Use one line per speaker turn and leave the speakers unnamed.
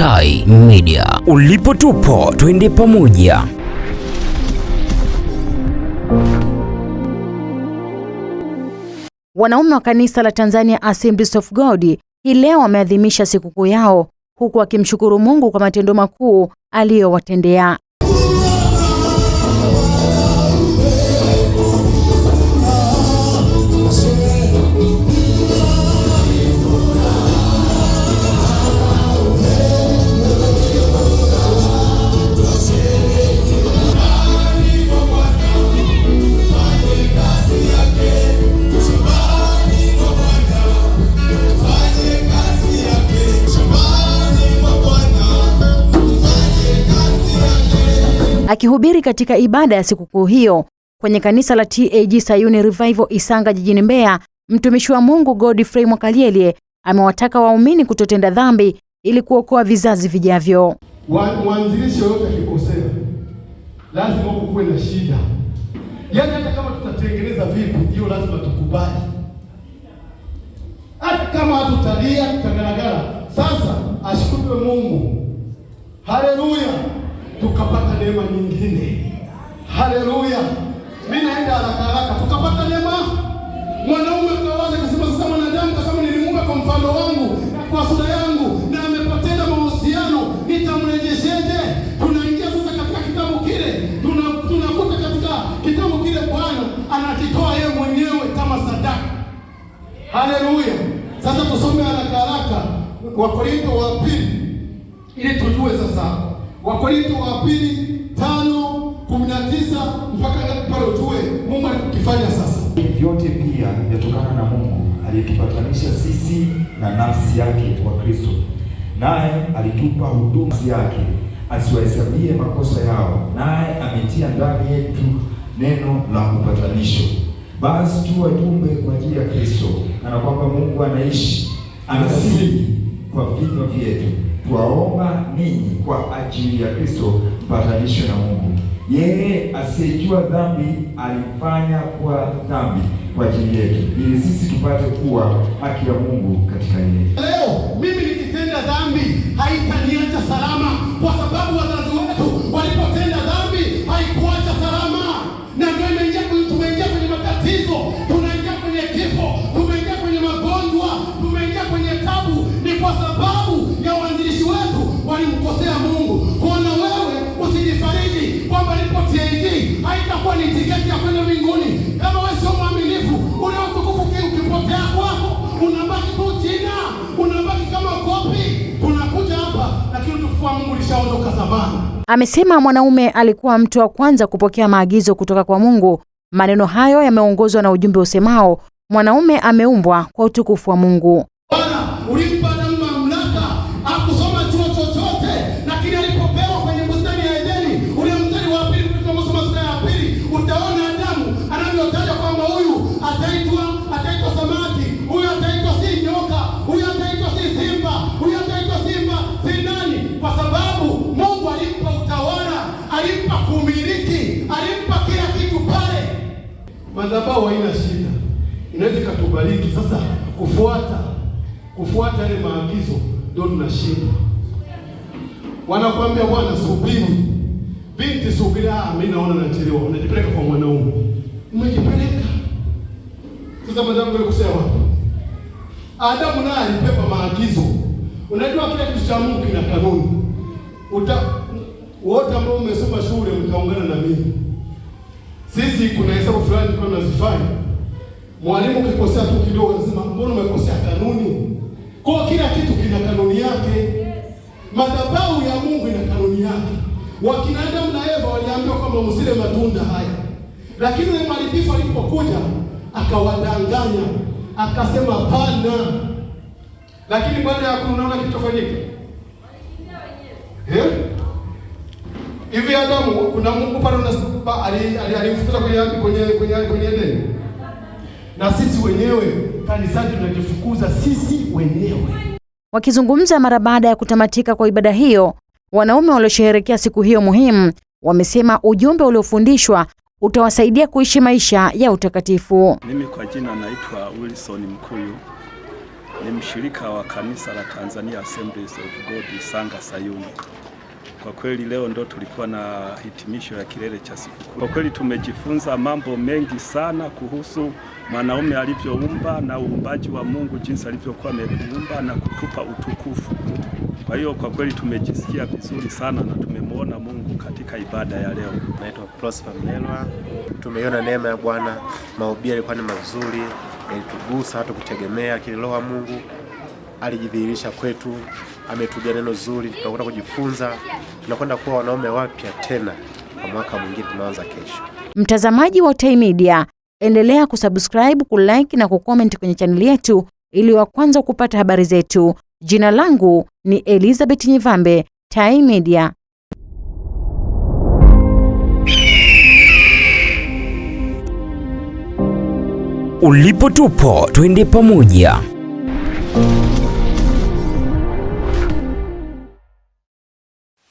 Tai Media. Ulipo tupo, twende pamoja. Wanaume wa kanisa la Tanzania Assemblies of God hii leo wameadhimisha sikukuu yao huku wakimshukuru Mungu kwa matendo makuu aliyowatendea. Akihubiri katika ibada ya sikukuu hiyo kwenye kanisa la TAG Sayuni Revival Isanga jijini Mbeya, mtumishi wa Mungu Godfrey mwakalielie amewataka waumini kutotenda dhambi ili kuokoa vizazi vijavyo.
Mwanzilishi yoyote akikosea lazima kukuwe na shida, yaani hata kama tutatengeneza vipi, hiyo lazima tukubali, hata kama hatutalia, tutagaragara. Sasa ashukuriwe Mungu, haleluya tukapata neema nyingine. Haleluya! Mi naenda haraka haraka, tukapata neema. Mwanaume kawaza kusema sasa, mwanadamu kasema nilimuga nilimuumba kwa mfano wangu na kwa sura yangu, na amepoteza mahusiano, nitamrejesheje? Tunaingia sasa katika kitabu kile, tunakuta katika kitabu kile Bwana anakitoa yeye mwenyewe kama sadaka. Haleluya! Sasa tusome haraka haraka korinto wa pili ili tujue sasa Wakorintho wa pili tano kumi na tisa mpaka pale ujue Mungu sasa.
Vyote pia vyatokana na Mungu aliyetupatanisha sisi na nafsi yake kwa Kristo, naye alitupa huduma yake asiwahesabie makosa yao, naye ametia ndani yetu neno la upatanisho. Basi tu wajumbe kwa ajili ya Kristo, kana kwamba Mungu anaishi anasili kwa vinywa vyetu, twaomba ninyi kwa ajili ya Kristo, mpatanishwe na Mungu. Yeye asiyejua dhambi alifanya kuwa dhambi kwa ajili yetu, ili sisi tupate kuwa haki ya Mungu katika yeye.
Leo mimi nikitenda dhambi haitaniacha salama, kwa sababu
Amesema mwanaume alikuwa mtu wa kwanza kupokea maagizo kutoka kwa Mungu. Maneno hayo yameongozwa na ujumbe usemao mwanaume ameumbwa kwa utukufu wa Mungu.
Bwana, alimpa kumiliki, alimpa kila kitu pale. Madhabahu haina shida, inaweza ikatubariki. Sasa kufuata kufuata yale maagizo ndio tunashinda. Wanakuambia bwana, subiri binti, subiri. Ah, mimi naona nachelewa, unajipeleka kwa mwanaume, umejipeleka sasa. Madhabahu ilikusema wapi? Adamu naye alipewa maagizo. Unajua kila kitu cha Mungu kina kanuni uta wote ambao mmesoma shule mtaungana na mimi. Sisi kuna hesabu fulani tulikuwa tunazifanya, mwalimu kikosea tu kidogo anasema mbona umekosea kanuni. Kwa kila kitu kina kanuni yake. Madhabahu ya Mungu ina kanuni yake. Wakina Adamu na Eva waliambiwa kwamba msile matunda haya, lakini yule mharibifu alipokuja akawadanganya, akasema pana. Lakini baada ya kunaona kitofanyika eh Hivi Adamu kuna Mungu pale unasikia alimfukuza kwenye kwenye kwenye kwenye Edeni. Na sisi wenyewe kanisani tunajifukuza sisi wenyewe.
Wakizungumza mara baada ya kutamatika kwa ibada hiyo, wanaume waliosherehekea siku hiyo muhimu wamesema ujumbe uliofundishwa utawasaidia kuishi maisha ya utakatifu.
Mimi kwa jina naitwa Wilson Mkuyu, ni mshirika wa kanisa la Tanzania Assemblies of God Sanga Sayuni. Kwa kweli leo ndo tulikuwa na hitimisho ya kilele cha sikukuu. Kwa kweli tumejifunza mambo mengi sana kuhusu mwanaume alivyoumba na uumbaji wa Mungu, jinsi alivyokuwa ametuumba na kutupa utukufu. Kwa hiyo kwa kweli tumejisikia vizuri sana na tumemwona Mungu katika ibada ya leo.
Naitwa Prosper Mnelwa. Tumeiona neema ya Bwana, mahubiri yalikuwa ni mazuri, yalitugusa hata kutegemea kiroho Mungu alijidhihirisha kwetu, ametuja neno zuri, tunakwenda kujifunza, tunakwenda kuwa wanaume wapya tena kwa mwaka mwingine tunaanza kesho.
Mtazamaji wa Time Media, endelea kusubscribe, kulike na kucomment kwenye chaneli yetu ili wa kwanza kupata habari zetu. Jina langu ni Elizabeth Nyivambe, Time Media. Ulipo tupo, twende pamoja.